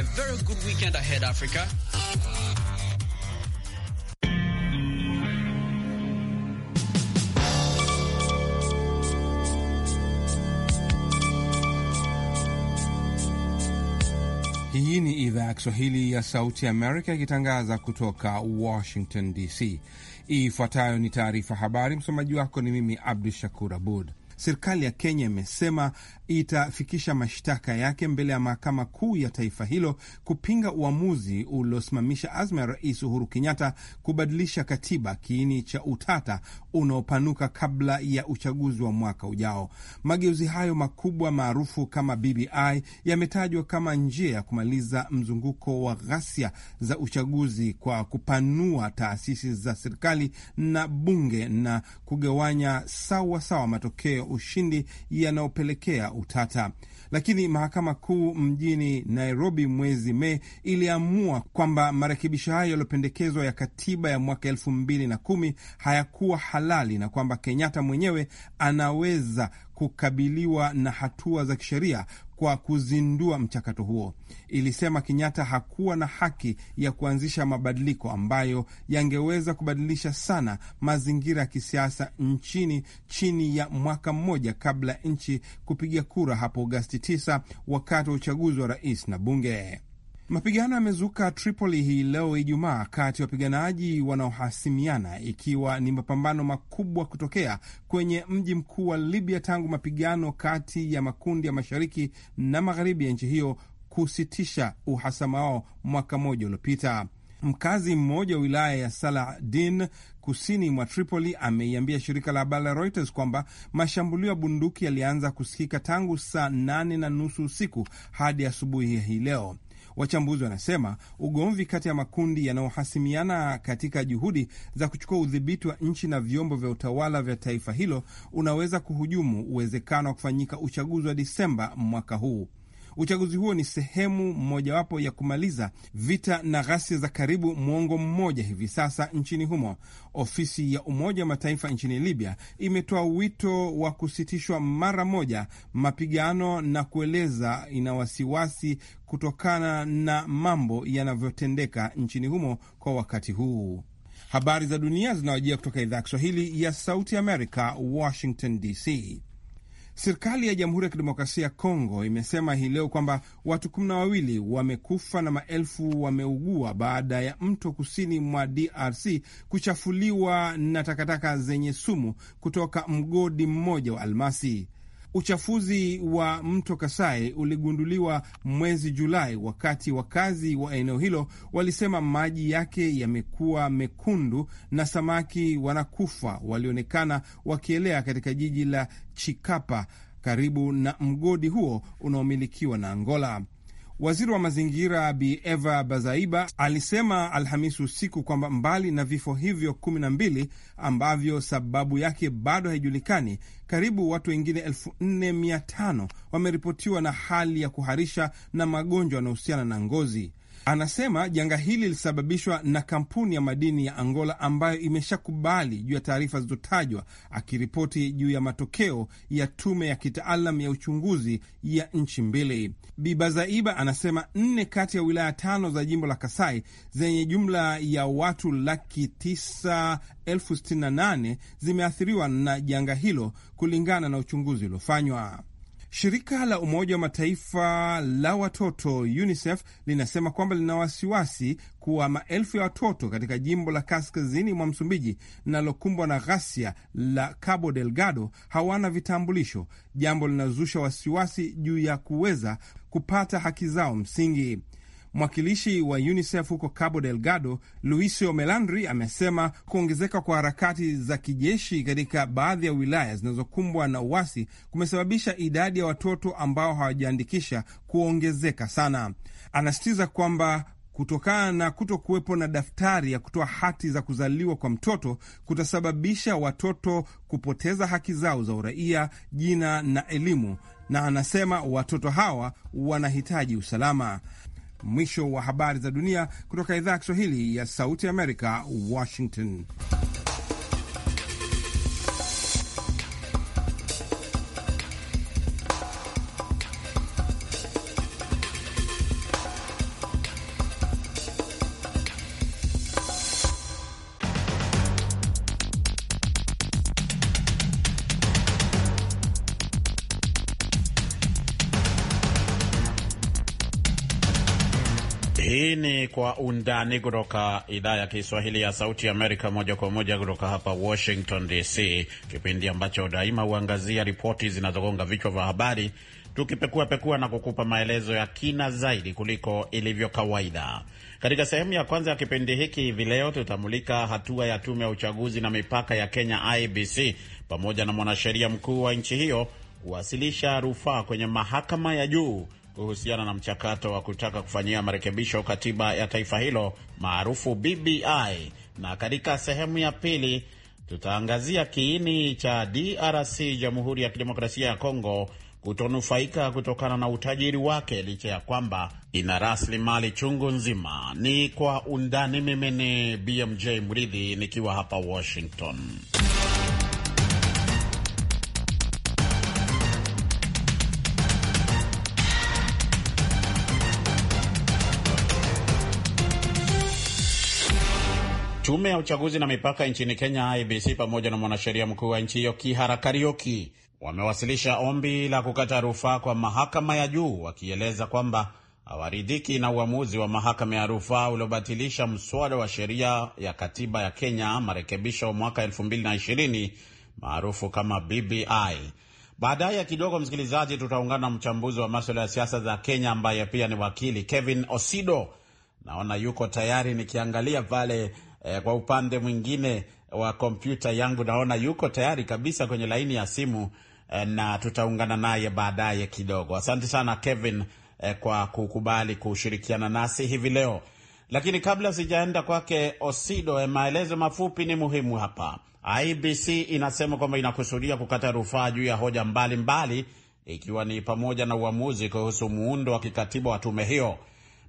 A very good weekend ahead, Africa. Hii ni idhaa ya Kiswahili ya Sauti Amerika ikitangaza kutoka Washington DC. Ifuatayo ni taarifa habari. Msomaji wako ni mimi Abdu Shakur Abud. Serikali ya Kenya imesema itafikisha mashtaka yake mbele ya mahakama kuu ya taifa hilo kupinga uamuzi uliosimamisha azma ya Rais Uhuru Kenyatta kubadilisha katiba, kiini cha utata unaopanuka kabla ya uchaguzi wa mwaka ujao. Mageuzi hayo makubwa maarufu kama BBI yametajwa kama njia ya kumaliza mzunguko wa ghasia za uchaguzi kwa kupanua taasisi za serikali na bunge na kugawanya sawa sawa matokeo ushindi yanayopelekea utata, lakini mahakama kuu mjini Nairobi mwezi Mei iliamua kwamba marekebisho hayo yaliyopendekezwa ya katiba ya mwaka elfu mbili na kumi hayakuwa halali na kwamba Kenyatta mwenyewe anaweza kukabiliwa na hatua za kisheria kwa kuzindua mchakato huo. Ilisema Kenyatta hakuwa na haki ya kuanzisha mabadiliko ambayo yangeweza kubadilisha sana mazingira ya kisiasa nchini chini ya mwaka mmoja kabla ya nchi kupiga kura hapo Agosti 9 wakati wa uchaguzi wa rais na bunge. Mapigano yamezuka Tripoli hii leo Ijumaa, kati ya wapiganaji wanaohasimiana, ikiwa ni mapambano makubwa kutokea kwenye mji mkuu wa Libya tangu mapigano kati ya makundi ya mashariki na magharibi ya nchi hiyo kusitisha uhasama wao mwaka mmoja uliopita. Mkazi mmoja wa wilaya ya Saladin kusini mwa Tripoli ameiambia shirika la habari la Reuters kwamba mashambulio ya bunduki yalianza kusikika tangu saa nane na nusu usiku hadi asubuhi hii leo. Wachambuzi wanasema ugomvi kati ya makundi yanayohasimiana katika juhudi za kuchukua udhibiti wa nchi na vyombo vya utawala vya taifa hilo unaweza kuhujumu uwezekano wa kufanyika uchaguzi wa Disemba mwaka huu. Uchaguzi huo ni sehemu mojawapo ya kumaliza vita na ghasia za karibu mwongo mmoja hivi sasa nchini humo. Ofisi ya Umoja wa Mataifa nchini Libya imetoa wito wa kusitishwa mara moja mapigano na kueleza ina wasiwasi kutokana na mambo yanavyotendeka nchini humo kwa wakati huu. Habari za dunia zinawajia kutoka idhaa ya Kiswahili ya Sauti Amerika, Washington DC. Serikali ya Jamhuri ya Kidemokrasia ya Kongo imesema hii leo kwamba watu kumi na wawili wamekufa na maelfu wameugua baada ya mto kusini mwa DRC kuchafuliwa na takataka zenye sumu kutoka mgodi mmoja wa almasi. Uchafuzi wa mto Kasai uligunduliwa mwezi Julai wakati wakazi wa eneo hilo walisema maji yake yamekuwa mekundu na samaki wanakufa walionekana wakielea katika jiji la Chikapa karibu na mgodi huo unaomilikiwa na Angola. Waziri wa mazingira Bi Eva Bazaiba alisema Alhamisi usiku kwamba mbali na vifo hivyo kumi na mbili ambavyo sababu yake bado haijulikani, karibu watu wengine elfu nne mia tano wameripotiwa na hali ya kuharisha na magonjwa yanayohusiana na ngozi. Anasema janga hili lilisababishwa na kampuni ya madini ya Angola ambayo imeshakubali juu ya taarifa zilizotajwa, akiripoti juu ya matokeo ya tume ya kitaalam ya uchunguzi ya nchi mbili. Bibazaiba anasema nne kati ya wilaya tano za jimbo la Kasai zenye jumla ya watu laki tisa elfu sitini na nane zimeathiriwa na janga hilo kulingana na uchunguzi uliofanywa. Shirika la Umoja wa Mataifa la watoto UNICEF linasema kwamba lina wasiwasi kuwa maelfu ya watoto katika jimbo la kaskazini mwa Msumbiji linalokumbwa na ghasia la Cabo Delgado hawana vitambulisho, jambo linazusha wasiwasi juu ya kuweza kupata haki zao msingi. Mwakilishi wa UNICEF huko Cabo Delgado, Luisio Melandri, amesema kuongezeka kwa harakati za kijeshi katika baadhi ya wilaya zinazokumbwa na uasi kumesababisha idadi ya watoto ambao hawajaandikisha kuongezeka sana. Anasisitiza kwamba kutokana na kuto kuwepo na daftari ya kutoa hati za kuzaliwa kwa mtoto kutasababisha watoto kupoteza haki zao za uraia, jina na elimu, na anasema watoto hawa wanahitaji usalama. Mwisho wa habari za dunia kutoka idhaa ya Kiswahili ya Sauti Amerika, Washington. Undani kutoka idhaa ya Kiswahili ya Sauti ya Amerika, moja kwa moja kutoka hapa Washington DC, kipindi ambacho daima huangazia ripoti zinazogonga vichwa vya habari, tukipekuapekua na kukupa maelezo ya kina zaidi kuliko ilivyo kawaida. Katika sehemu ya kwanza ya kipindi hiki hivi leo tutamulika hatua ya tume ya uchaguzi na mipaka ya Kenya IBC pamoja na mwanasheria mkuu wa nchi hiyo kuwasilisha rufaa kwenye mahakama ya juu kuhusiana na mchakato wa kutaka kufanyia marekebisho katiba ya taifa hilo maarufu BBI, na katika sehemu ya pili tutaangazia kiini cha DRC, Jamhuri ya Kidemokrasia ya Kongo, kutonufaika kutokana na utajiri wake licha ya kwamba ina rasilimali chungu nzima. Ni kwa undani. Mimi ni BMJ Mridhi nikiwa hapa Washington. Tume ya uchaguzi na mipaka nchini Kenya, IBC, pamoja na mwanasheria mkuu wa nchi hiyo Kihara Karioki wamewasilisha ombi la kukata rufaa kwa mahakama ya juu, wakieleza kwamba hawaridhiki na uamuzi wa mahakama ya rufaa uliobatilisha mswada wa sheria ya katiba ya Kenya marekebisho mwaka 2020 maarufu kama BBI. Baadaye ya kidogo, msikilizaji, tutaungana na mchambuzi wa maswala ya siasa za Kenya ambaye pia ni wakili Kevin Osido, naona yuko tayari, nikiangalia pale Eh, kwa upande mwingine wa kompyuta yangu naona yuko tayari kabisa kwenye laini ya simu eh, na tutaungana naye baadaye kidogo. Asante sana Kevin eh, kwa kukubali kushirikiana nasi hivi leo. Lakini kabla sijaenda kwake Osido, eh, maelezo mafupi ni muhimu hapa. IBC inasema kwamba inakusudia kukata rufaa juu ya hoja mbalimbali mbali, ikiwa ni pamoja na uamuzi kuhusu muundo wa kikatiba wa tume hiyo.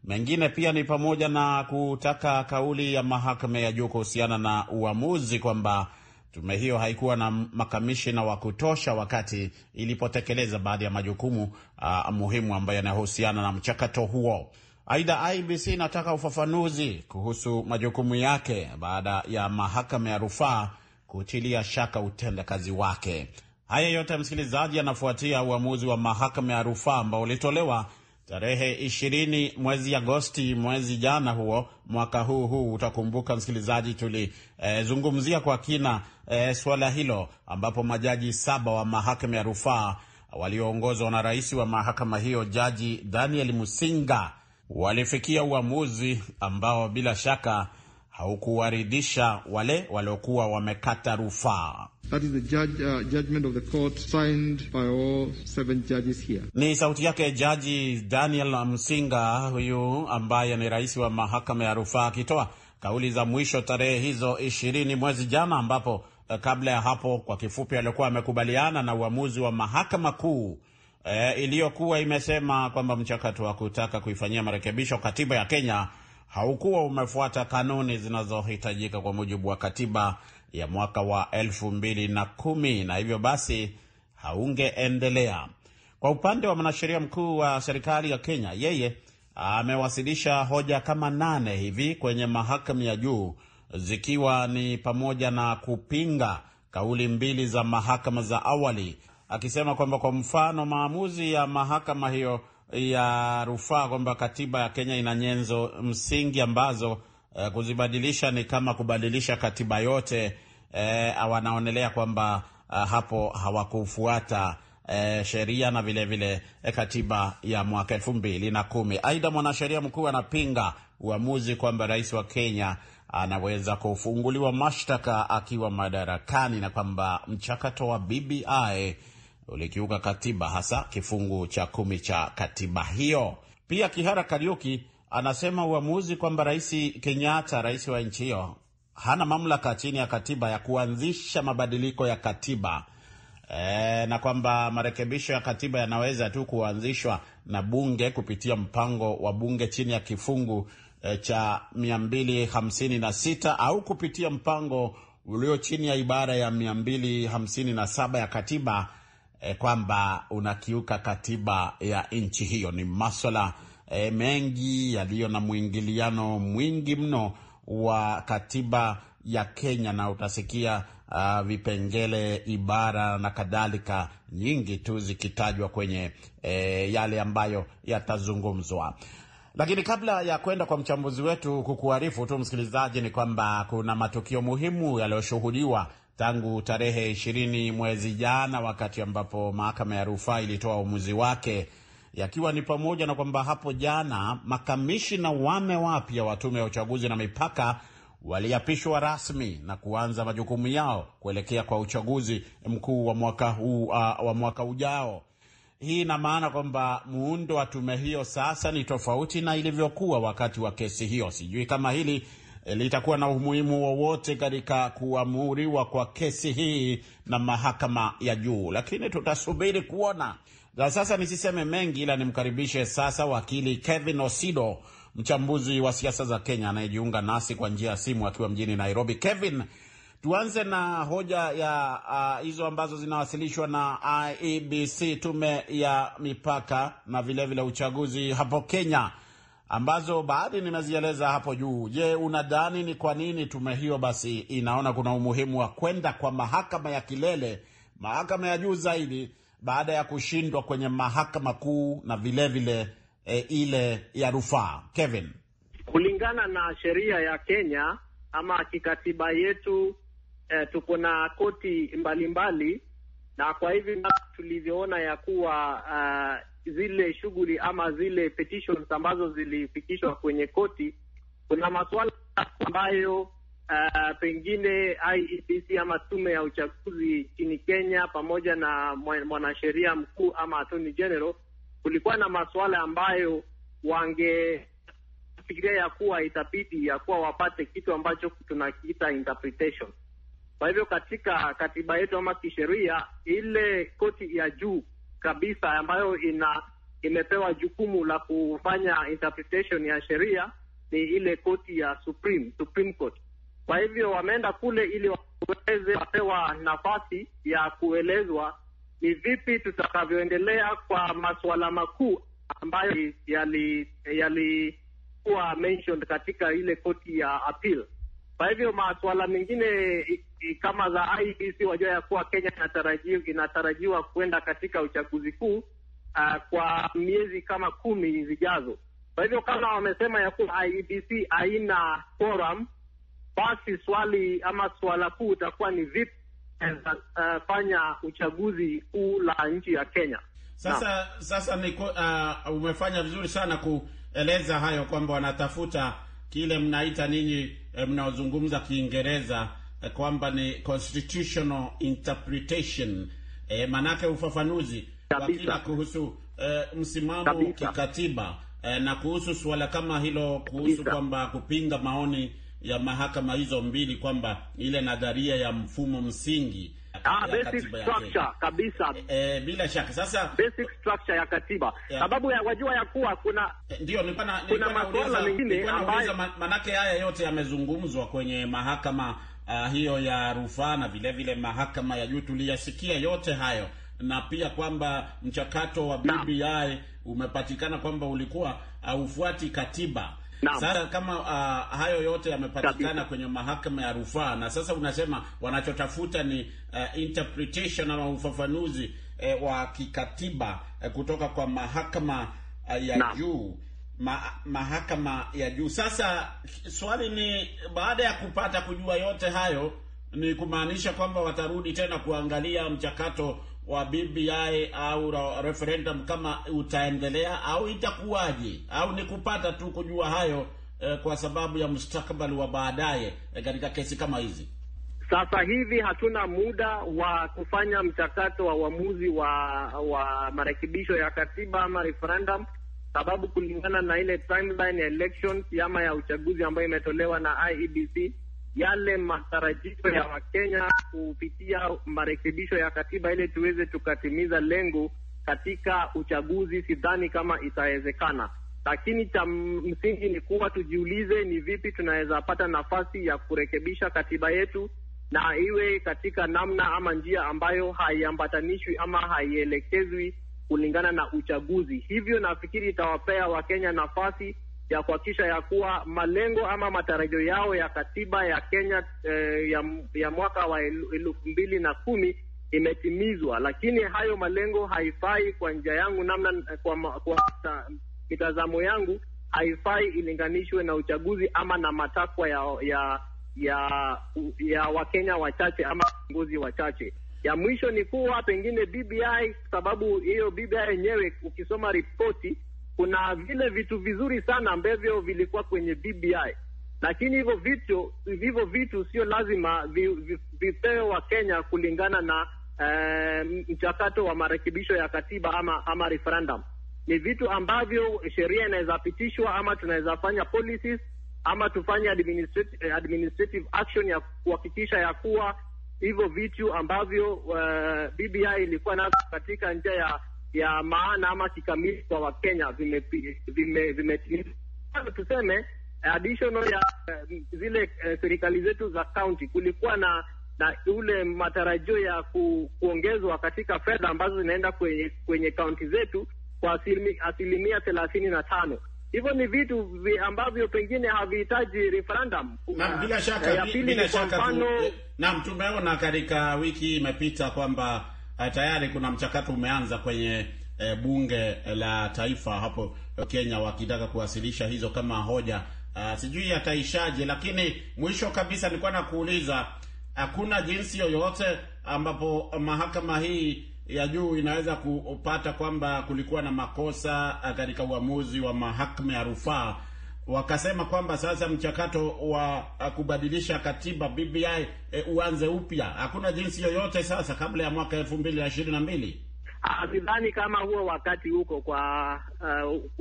Mengine pia ni pamoja na kutaka kauli ya mahakama ya juu kuhusiana na uamuzi kwamba tume hiyo haikuwa na makamishina wa kutosha wakati ilipotekeleza baadhi ya majukumu uh, muhimu ambayo yanayohusiana na mchakato huo. Aidha, IBC inataka ufafanuzi kuhusu majukumu yake baada ya mahakama ya rufaa kutilia shaka utendakazi wake. Haya yote msikilizaji, yanafuatia uamuzi wa mahakama ya rufaa ambao ulitolewa tarehe ishirini mwezi Agosti mwezi jana huo mwaka huu huu. Utakumbuka msikilizaji, tulizungumzia e, kwa kina e, suala hilo ambapo majaji saba wa mahakama ya rufaa walioongozwa na rais wa mahakama hiyo Jaji Daniel Musinga walifikia uamuzi ambao bila shaka haukuwaridhisha wale waliokuwa wamekata rufaa. That is the judge, uh, judgment of the court signed by all seven judges here. Ni sauti yake Jaji Daniel Msinga huyu ambaye ni rais wa mahakama ya rufaa akitoa kauli za mwisho tarehe hizo ishirini mwezi jana, ambapo eh, kabla ya hapo kwa kifupi alikuwa amekubaliana na uamuzi wa mahakama kuu e, iliyokuwa imesema kwamba mchakato wa kutaka kuifanyia marekebisho katiba ya Kenya haukuwa umefuata kanuni zinazohitajika kwa mujibu wa katiba ya mwaka wa elfu mbili na kumi na hivyo basi haungeendelea. Kwa upande wa mwanasheria mkuu wa serikali ya Kenya, yeye amewasilisha hoja kama nane hivi kwenye mahakama ya juu, zikiwa ni pamoja na kupinga kauli mbili za mahakama za awali, akisema kwamba kwa mfano maamuzi ya mahakama hiyo ya rufaa kwamba katiba ya Kenya ina nyenzo msingi ambazo uh, kuzibadilisha ni kama kubadilisha katiba yote. Uh, wanaonelea kwamba uh, hapo hawakufuata uh, sheria na vilevile vile katiba ya mwaka elfu mbili na kumi. Aidha, mwanasheria mkuu anapinga uamuzi kwamba rais wa Kenya anaweza kufunguliwa mashtaka akiwa madarakani na kwamba mchakato wa BBI ulikiuka katiba, hasa kifungu cha kumi cha katiba hiyo. Pia Kihara Kariuki anasema uamuzi kwamba Rais Kenyatta, rais wa nchi hiyo, hana mamlaka chini ya katiba ya kuanzisha mabadiliko ya katiba e, na kwamba marekebisho ya katiba yanaweza tu kuanzishwa na bunge kupitia mpango wa bunge chini ya kifungu e, cha 256 au kupitia mpango ulio chini ya ibara ya 257 ya katiba eh, kwamba unakiuka katiba ya nchi hiyo. Ni maswala eh, mengi yaliyo na mwingiliano mwingi mno wa katiba ya Kenya na utasikia uh, vipengele, ibara na kadhalika nyingi tu zikitajwa kwenye eh, yale ambayo yatazungumzwa. Lakini kabla ya kwenda kwa mchambuzi wetu, kukuarifu tu msikilizaji, ni kwamba kuna matukio muhimu yaliyoshuhudiwa tangu tarehe ishirini mwezi jana, wakati ambapo mahakama ya rufaa ilitoa uamuzi wake, yakiwa ni pamoja na kwamba hapo jana makamishina wame wapya wa tume ya uchaguzi na mipaka waliapishwa rasmi na kuanza majukumu yao kuelekea kwa uchaguzi mkuu wa mwaka huu, uh, wa mwaka ujao. Hii ina maana kwamba muundo wa tume hiyo sasa ni tofauti na ilivyokuwa wakati wa kesi hiyo. Sijui kama hili Eh, litakuwa na umuhimu wowote katika kuamuriwa kwa kesi hii na mahakama ya juu, lakini tutasubiri kuona. Na sasa nisiseme mengi, ila nimkaribishe sasa wakili Kevin Osido, mchambuzi wa siasa za Kenya anayejiunga nasi kwa njia ya simu akiwa mjini Nairobi. Kevin, tuanze na hoja ya uh, hizo ambazo zinawasilishwa na IEBC, tume ya mipaka na vilevile vile uchaguzi hapo Kenya ambazo baadhi nimezieleza hapo juu. Je, unadhani ni kwa nini tume hiyo basi inaona kuna umuhimu wa kwenda kwa mahakama ya kilele, mahakama ya juu zaidi, baada ya kushindwa kwenye mahakama kuu na vilevile vile, e, ile ya rufaa? Kevin, kulingana na sheria ya Kenya ama kikatiba yetu e, tuko na koti mbalimbali na kwa hivi tulivyoona ya kuwa uh, zile shughuli ama zile petitions ambazo zilifikishwa kwenye koti, kuna masuala ambayo uh, pengine IEBC ama tume ya uchaguzi nchini Kenya pamoja na mwanasheria mkuu ama attorney general, kulikuwa na masuala ambayo wange fikiria ya kuwa itabidi ya kuwa wapate kitu ambacho tunakiita interpretation. Kwa hivyo katika katiba yetu ama kisheria, ile koti ya juu kabisa ambayo ina imepewa jukumu la kufanya interpretation ya sheria ni ile koti ya Supreme, Supreme Court. Kwa hivyo wameenda kule ili waweze wapewa nafasi ya kuelezwa ni vipi tutakavyoendelea kwa masuala makuu ambayo yalikuwa yali mentioned katika ile koti ya appeal. Kwa hivyo masuala mengine kama za IBC e wajua ya kuwa Kenya inatarajiwa, inatarajiwa kwenda katika uchaguzi kuu uh, kwa miezi kama kumi zijazo. Kwa hivyo kama wamesema ya kuwa IBC e haina forum, basi swali ama suala kuu itakuwa ni vipi eh, fanya uchaguzi kuu la nchi ya Kenya. Sasa na, sasa ni uh, umefanya vizuri sana kueleza hayo kwamba wanatafuta kile mnaita ninyi eh, mnaozungumza Kiingereza Eh, kwamba ni constitutional interpretation e, manake ufafanuzi wa kila kuhusu e, msimamo kikatiba e, na kuhusu suala kama hilo kuhusu kwamba kupinga maoni ya mahakama hizo mbili kwamba ile nadharia ya mfumo msingi Ah, basic structure kabisa. E, e, bila shaka sasa basic structure ya katiba ya, sababu ya wajua ya kuwa kuna e, ndio nilikuwa na kuna mengine ambayo manake haya yote yamezungumzwa kwenye mahakama uh, hiyo ya rufaa na vilevile mahakama ya juu. Tuliyasikia yote hayo na pia kwamba mchakato wa BBI umepatikana kwamba ulikuwa haufuati uh, katiba. Sasa kama uh, hayo yote yamepatikana kwenye mahakama ya rufaa, na sasa unasema wanachotafuta ni uh, interpretation ama ufafanuzi eh, wa kikatiba eh, kutoka kwa mahakama uh, ya juu ma, mahakama ya juu. Sasa swali ni baada ya kupata kujua yote hayo, ni kumaanisha kwamba watarudi tena kuangalia mchakato wa BBI au referendum kama utaendelea au itakuwaje, au ni kupata tu kujua hayo eh, kwa sababu ya mustakabali wa baadaye eh, katika kesi kama hizi. Sasa hivi hatuna muda wa kufanya mchakato wa uamuzi wa, wa marekebisho ya katiba ama referendum sababu kulingana na ile timeline election ama ya uchaguzi ambayo imetolewa na IEBC, yale matarajio ya Wakenya kupitia marekebisho ya katiba ile tuweze tukatimiza lengo katika uchaguzi, sidhani kama itawezekana. Lakini cha msingi ni kuwa tujiulize ni vipi tunaweza pata nafasi ya kurekebisha katiba yetu, na iwe katika namna ama njia ambayo haiambatanishwi ama haielekezwi kulingana na uchaguzi. Hivyo nafikiri itawapea Wakenya nafasi ya kuhakikisha ya kuwa malengo ama matarajio yao ya katiba ya Kenya eh, ya, ya mwaka wa elfu mbili na kumi imetimizwa, lakini hayo malengo haifai kwa njia yangu namna, kwa, kwa mitazamo yangu haifai ilinganishwe na uchaguzi ama na matakwa ya ya ya, ya Wakenya wachache ama viongozi wachache. Ya mwisho ni kuwa pengine BBI, sababu hiyo BBI yenyewe ukisoma ripoti, kuna vile vitu vizuri sana ambavyo vilikuwa kwenye BBI, lakini hivyo vitu hivyo vitu sio lazima vi, vi, vipewe kulingana na eh, mchakato wa marekebisho ya katiba ama, ama referendum. Ni vitu ambavyo sheria inaweza pitishwa ama tunaweza fanya policies ama tufanye administrative, administrative action ya kuhakikisha ya kuwa hivyo vitu ambavyo uh, BBI ilikuwa nazo katika njia ya, ya maana ama kikamili kwa Wakenya vimetimizwa vime, vime, tuseme additional ya uh, zile uh, serikali zetu za kaunti kulikuwa na na ule matarajio ya ku, kuongezwa katika fedha ambazo zinaenda kwenye kwenye kaunti zetu kwa asilimia thelathini na tano Hivyo ni vitu ambavyo pengine havihitaji referendum. Na bila shaka, bila shaka tu. Eh, naam, tumeona katika wiki imepita kwamba eh, tayari kuna mchakato umeanza kwenye e, bunge la taifa hapo Kenya wakitaka kuwasilisha hizo kama hoja. Uh, sijui ataishaje, lakini mwisho kabisa nilikuwa nakuuliza, hakuna jinsi yoyote ambapo mahakama hii ya juu inaweza kupata kwamba kulikuwa na makosa ah, katika uamuzi wa mahakama ya rufaa, wakasema kwamba sasa mchakato wa ah, kubadilisha katiba BBI e, eh, uanze upya. Hakuna jinsi yoyote sasa kabla ya mwaka elfu mbili na ishirini na mbili. Ah, sidhani kama huo wakati huko kwa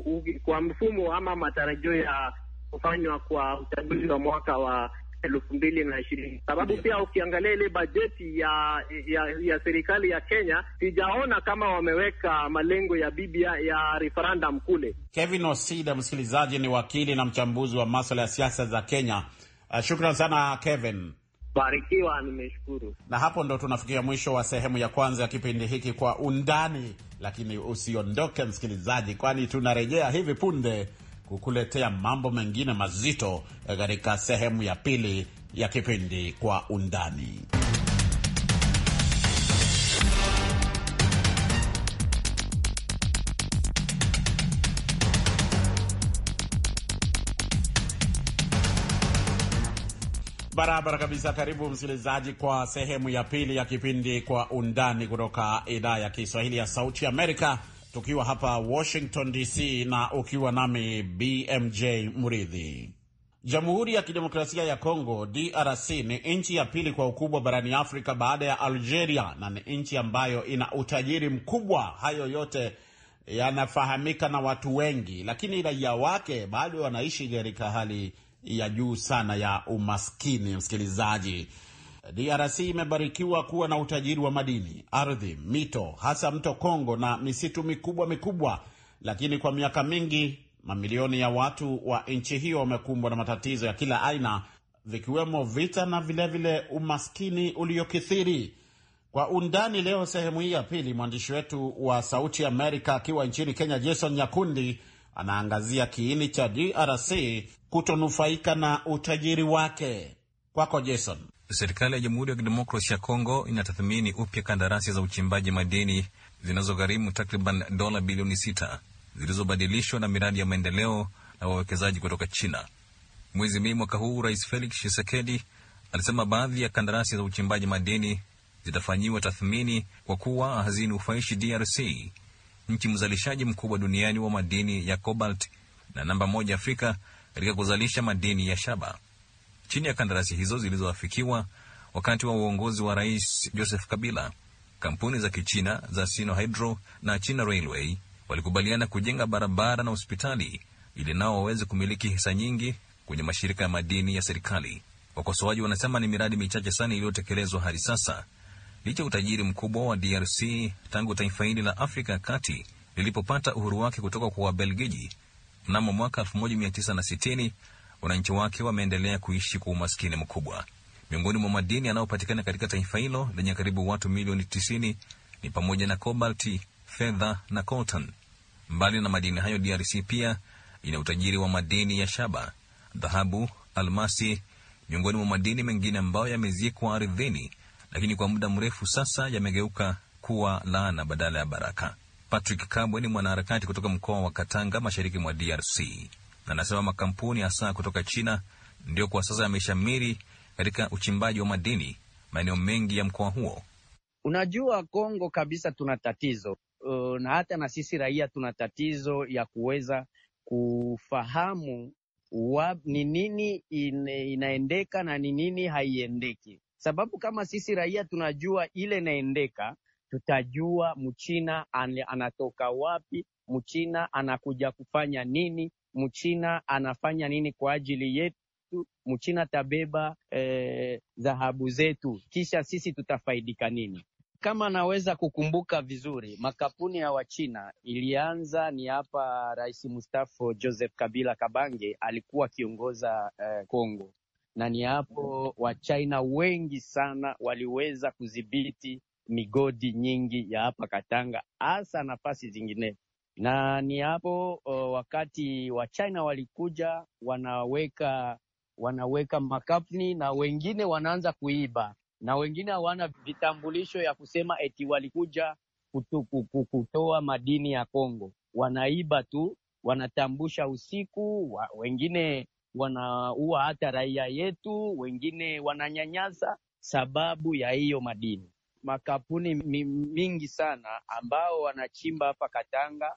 uh, kwa mfumo ama matarajio ya kufanywa kwa uchaguzi wa mwaka wa elfu mbili na ishirini sababu pia ukiangalia ile bajeti ya, ya ya serikali ya Kenya sijaona kama wameweka malengo ya bibia ya referendum kule. Kevin Osida, msikilizaji, ni wakili na mchambuzi wa maswala ya siasa za Kenya. Uh, shukran sana Kevin. Barikiwa, nimeshukuru. Na hapo ndo tunafikia mwisho wa sehemu ya kwanza ya kipindi hiki kwa undani, lakini usiondoke msikilizaji, kwani tunarejea hivi punde kukuletea mambo mengine mazito eh, katika sehemu ya pili ya kipindi Kwa Undani. Barabara kabisa. Karibu msikilizaji, kwa sehemu ya pili ya kipindi Kwa Undani kutoka idhaa ya Kiswahili ya Sauti Amerika, tukiwa hapa Washington DC na ukiwa nami BMJ Muridhi. Jamhuri ya Kidemokrasia ya Kongo DRC ni nchi ya pili kwa ukubwa barani Afrika baada ya Algeria na ni nchi ambayo ina utajiri mkubwa. Hayo yote yanafahamika na watu wengi, lakini raia wake bado wanaishi katika hali ya juu sana ya umaskini, msikilizaji. DRC imebarikiwa kuwa na utajiri wa madini, ardhi, mito, hasa mto Kongo na misitu mikubwa mikubwa, lakini kwa miaka mingi mamilioni ya watu wa nchi hiyo wamekumbwa na matatizo ya kila aina, vikiwemo vita na vilevile vile umaskini uliokithiri. Kwa undani leo, sehemu hii ya pili, mwandishi wetu wa Sauti Amerika akiwa nchini Kenya, Jason Nyakundi anaangazia kiini cha DRC kutonufaika na utajiri wake. Kwako Jason. Serikali ya Jamhuri ya Kidemokrasi ya Kongo inatathmini upya kandarasi za uchimbaji madini zinazogharimu takriban dola bilioni sita zilizobadilishwa na miradi ya maendeleo na wawekezaji kutoka China. Mwezi Mei mwaka huu, Rais Felix Tshisekedi alisema baadhi ya kandarasi za uchimbaji madini zitafanyiwa tathmini kwa kuwa hazinufaishi DRC, nchi mzalishaji mkubwa duniani wa madini ya cobalt na namba moja Afrika katika kuzalisha madini ya shaba chini ya kandarasi hizo zilizoafikiwa wakati wa uongozi wa Rais Joseph Kabila. Kampuni za Kichina za Sinohydro na China Railway walikubaliana kujenga barabara na hospitali ili nao waweze kumiliki hisa nyingi kwenye mashirika ya madini ya serikali. Wakosoaji wanasema ni miradi michache sana iliyotekelezwa hadi sasa, licha utajiri mkubwa wa DRC tangu taifa hili la Afrika ya kati lilipopata uhuru wake kutoka kwa Wabelgiji mnamo mwaka 1960 wananchi wake wameendelea kuishi kwa umaskini mkubwa. Miongoni mwa madini yanayopatikana katika taifa hilo lenye karibu watu milioni 90 ni pamoja na kobalti, fedha na coltan. Mbali na madini hayo, DRC pia ina utajiri wa madini ya shaba, dhahabu, almasi, miongoni mwa madini mengine ambayo yamezikwa ardhini, lakini kwa muda mrefu sasa yamegeuka kuwa laana badala ya baraka. Patrick Kabwe ni mwanaharakati kutoka mkoa wa Katanga, mashariki mwa DRC na anasema makampuni hasa kutoka China ndiyo kwa sasa yameshamiri katika uchimbaji wa madini maeneo mengi ya mkoa huo. Unajua Kongo kabisa tuna tatizo uh, na hata na sisi raia tuna tatizo ya kuweza kufahamu ni nini inaendeka na ni nini haiendeki, sababu kama sisi raia tunajua ile inaendeka, tutajua mchina anatoka wapi, mchina anakuja kufanya nini, Mchina anafanya nini kwa ajili yetu? Mchina tabeba e, dhahabu zetu, kisha sisi tutafaidika nini? Kama naweza kukumbuka vizuri, makampuni ya Wachina ilianza ni hapa, Rais Mustafa Joseph Kabila Kabange alikuwa akiongoza eh, Kongo, na ni hapo Wachina wengi sana waliweza kudhibiti migodi nyingi ya hapa Katanga, hasa nafasi zingine na ni hapo uh, wakati wa China walikuja wanaweka wanaweka makampuni na wengine wanaanza kuiba na wengine hawana vitambulisho ya kusema eti walikuja kutu, kutoa madini ya Kongo, wanaiba tu, wanatambusha usiku wa, wengine wanaua hata raia yetu, wengine wananyanyasa sababu ya hiyo madini. Makampuni mingi sana ambao wanachimba hapa Katanga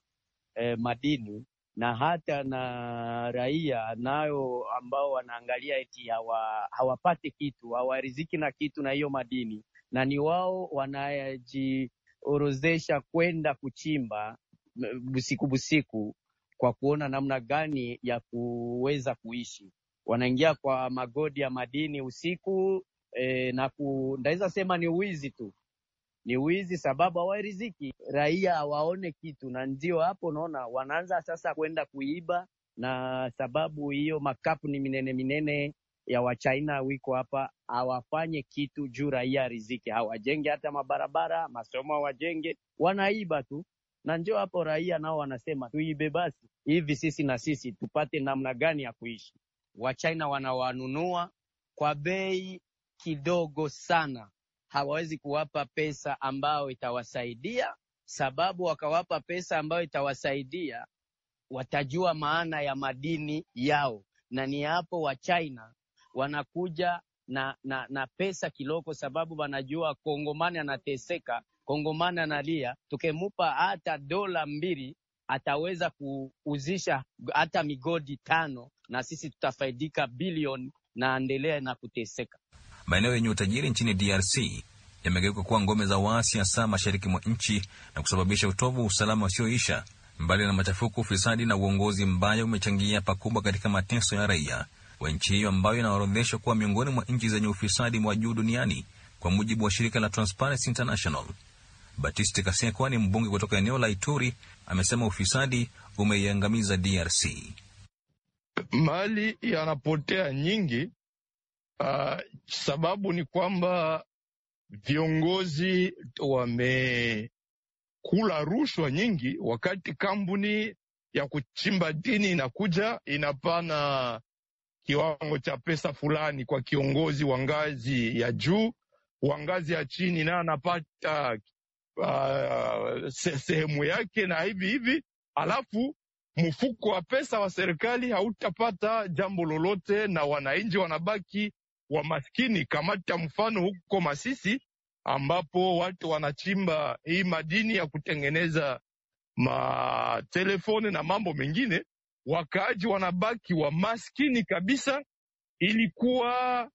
eh, madini na hata na raia nayo ambao wanaangalia eti hawa, hawapati kitu hawariziki na kitu na hiyo madini, na ni wao wanajiorozesha kwenda kuchimba mm, busiku busiku kwa kuona namna gani ya kuweza kuishi. Wanaingia kwa magodi ya madini usiku eh, na ku, ndaweza sema ni uwizi tu ni wizi, sababu hawa riziki raia hawaone kitu, na ndio hapo unaona wanaanza sasa kwenda kuiba, na sababu hiyo makapu ni minene minene ya Wachina wiko hapa, hawafanye kitu juu raia riziki, hawajenge hata mabarabara, masomo hawajenge, wanaiba tu na ndio hapo raia nao wanasema tuibe basi hivi sisi na sisi tupate namna gani ya kuishi. Wachina wanawanunua kwa bei kidogo sana, hawawezi kuwapa pesa ambayo itawasaidia, sababu wakawapa pesa ambayo itawasaidia watajua maana ya madini yao, na ni hapo wa China wanakuja na, na, na pesa kiloko, sababu wanajua kongomani anateseka, kongomani analia, tukemupa hata dola mbili ataweza kuuzisha hata migodi tano na sisi tutafaidika bilioni, na endelea na kuteseka. Maeneo yenye utajiri nchini DRC yamegeuka kuwa ngome za waasi, hasa mashariki mwa nchi na kusababisha utovu wa usalama usioisha. Mbali na machafuko, ufisadi na uongozi mbaya umechangia pakubwa katika mateso ya raia wa nchi hiyo ambayo inaorodheshwa kuwa miongoni mwa nchi zenye ufisadi wa juu duniani kwa mujibu wa shirika la Transparency International. Batiste Kasekwa ni mbunge kutoka eneo la Ituri, amesema ufisadi umeiangamiza DRC. Mali yanapotea nyingi Uh, sababu ni kwamba viongozi wamekula rushwa nyingi, wakati kampuni ya kuchimba dini inakuja inapana kiwango cha pesa fulani kwa kiongozi wa ngazi ya juu, wa ngazi ya chini naye anapata uh, sehemu yake na hivi hivi, alafu mfuko wa pesa wa serikali hautapata jambo lolote, na wananchi wanabaki wa maskini. Kamata mfano huko Masisi ambapo watu wanachimba hii madini ya kutengeneza matelefone na mambo mengine, wakaaji wanabaki wa maskini kabisa. Ilikuwa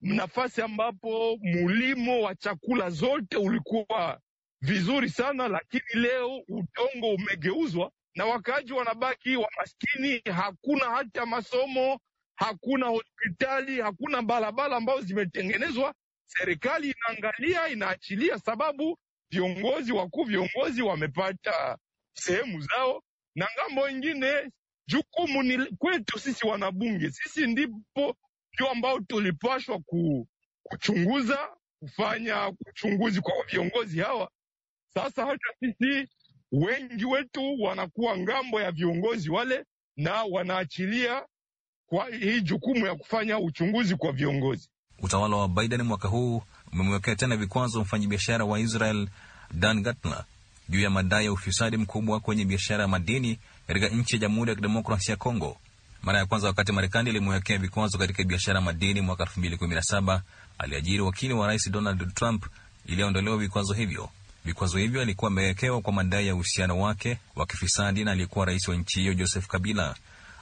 nafasi ambapo mulimo wa chakula zote ulikuwa vizuri sana, lakini leo udongo umegeuzwa na wakaaji wanabaki wa maskini. Hakuna hata masomo, hakuna hospitali, hakuna barabara ambazo zimetengenezwa. Serikali inaangalia, inaachilia, sababu viongozi wakuu, viongozi wamepata sehemu zao. Na ngambo ingine, jukumu ni kwetu sisi wanabunge, sisi ndipo ndio ambao tulipashwa ku, kuchunguza, kufanya uchunguzi kwa viongozi hawa. Sasa hata sisi wengi wetu wanakuwa ngambo ya viongozi wale na wanaachilia kwa hii jukumu ya kufanya uchunguzi kwa viongozi. Utawala wa Biden mwaka huu umemwekea tena vikwazo mfanyabiashara wa Israel Dan Gatler juu ya madai ya ufisadi mkubwa kwenye biashara ya madini katika nchi ya Jamhuri ya Kidemokrasia ya Kongo. Mara ya kwanza wakati Marekani ilimwekea vikwazo katika biashara madini mwaka 2017 aliajiri wakili wa rais Donald Trump iliyoondolewa vikwazo hivyo. Vikwazo hivyo alikuwa amewekewa kwa madai ya uhusiano wake wa kifisadi na aliyekuwa rais wa nchi hiyo Joseph Kabila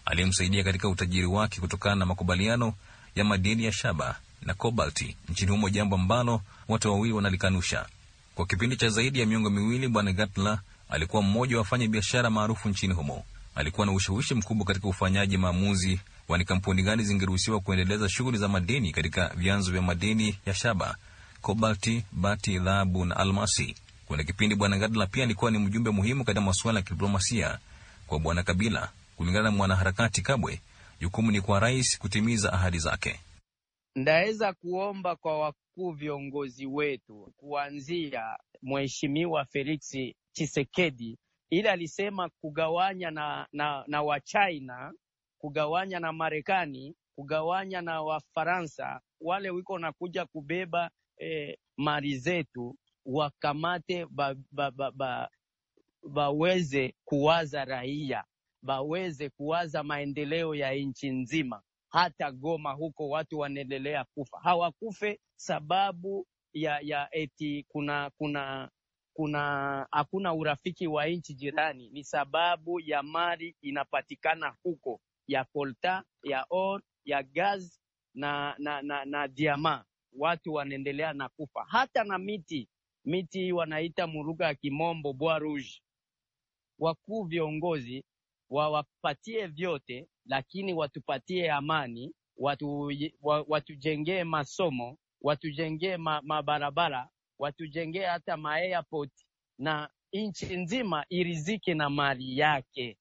aliyemsaidia katika utajiri wake kutokana na makubaliano ya madini ya shaba na kobalti nchini humo, jambo ambalo wote wawili wanalikanusha. Kwa kipindi cha zaidi ya miongo miwili, Bwana Gatla alikuwa mmoja wa wafanya biashara maarufu nchini humo. Alikuwa na ushawishi mkubwa katika ufanyaji maamuzi wa ni kampuni gani zingeruhusiwa kuendeleza shughuli za madini katika vyanzo vya madini ya shaba, kobalti, bati, dhahabu na almasi. Kuna kipindi Bwana Gadla pia alikuwa ni mjumbe muhimu katika masuala ya kidiplomasia kwa Bwana Kabila. Kulingana na mwanaharakati Kabwe, jukumu ni kwa rais kutimiza ahadi zake. Ndaweza kuomba kwa wakuu viongozi wetu kuanzia Mheshimiwa Felix Chisekedi, ili alisema kugawanya na, na, na Wachina, kugawanya na Marekani, kugawanya na Wafaransa, wale wiko kuja kubeba eh, mali zetu wakamate ba, ba, ba, ba, waweze kuwaza raia waweze kuwaza maendeleo ya nchi nzima. Hata Goma huko watu wanaendelea kufa, hawakufe sababu ya ya eti kuna kuna kuna hakuna urafiki wa nchi jirani, ni sababu ya mali inapatikana huko ya kolta ya or ya gaz na na na, na diama. Watu wanaendelea na kufa, hata na miti miti wanaita muruga ya kimombo bois rouge. Wakuu viongozi wawapatie vyote, lakini watupatie amani, watu, watujengee masomo, watujengee ma, mabarabara, watujengee hata ma airport na nchi nzima irizike na mali yake.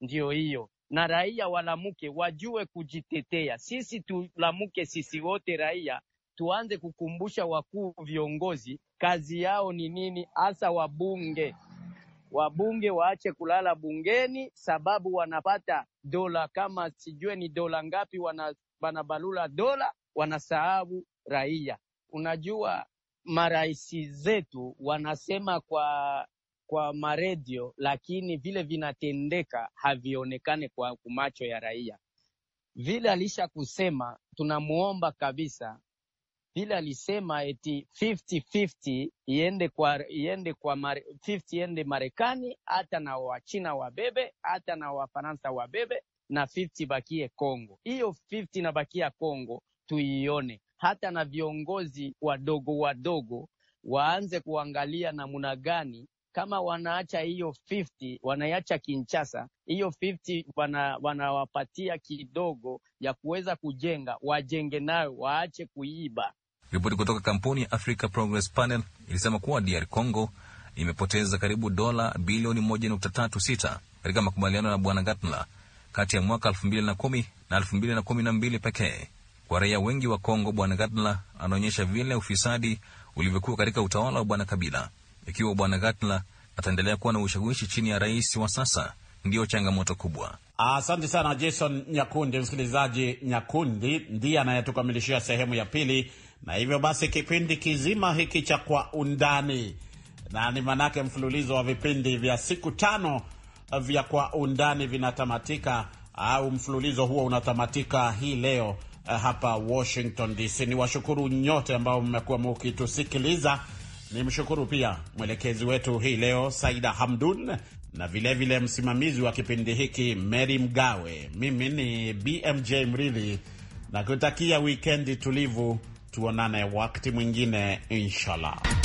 ndio hiyo na raia walamuke, wajue kujitetea. Sisi tulamuke, sisi wote raia tuanze kukumbusha wakuu viongozi kazi yao ni nini, hasa wabunge wabunge waache kulala bungeni, sababu wanapata dola kama sijue ni dola ngapi, wanabalula dola, wanasahabu raia. Unajua, maraisi zetu wanasema kwa kwa maredio, lakini vile vinatendeka havionekane kwa macho ya raia. Vile alisha kusema, tunamuomba kabisa vile alisema eti 50-50 iende kwa iende kwa mare, 50 iende Marekani, hata na Wachina wabebe, hata na Wafaransa wabebe, na 50 bakie Kongo. Hiyo 50 nabakia Kongo tuione, hata na viongozi wadogo wadogo waanze kuangalia namna gani kama wanaacha hiyo 50 wanaiacha Kinchasa, hiyo 50 wana, wanawapatia kidogo ya kuweza kujenga, wajenge nayo, waache kuiba. Ripoti kutoka kampuni ya Africa Progress Panel ilisema kuwa DR Congo imepoteza karibu dola bilioni 1.36 katika makubaliano na Bwana Gatla kati ya mwaka 2010 na 2012 pekee. Kwa raia wengi wa Kongo, Bwana Gatla anaonyesha vile ufisadi ulivyokuwa katika utawala wa Bwana Kabila. Ikiwa Bwana Gatla ataendelea kuwa na ushawishi chini ya rais wa sasa, ndiyo changamoto kubwa. Asante sana Jason Nyakundi. Msikilizaji, Nyakundi ndiye anayetukamilishia sehemu ya pili na hivyo basi kipindi kizima hiki cha Kwa Undani, na ni manake mfululizo wa vipindi vya siku tano vya Kwa Undani vinatamatika au mfululizo huo unatamatika hii leo eh, hapa Washington DC. Ni washukuru nyote ambao mmekuwa mukitusikiliza. Ni mshukuru pia mwelekezi wetu hii leo Saida Hamdun na vilevile msimamizi wa kipindi hiki Mary Mgawe. Mimi ni BMJ Mridhi na kutakia wikendi tulivu Tuonane wakati mwingine inshallah.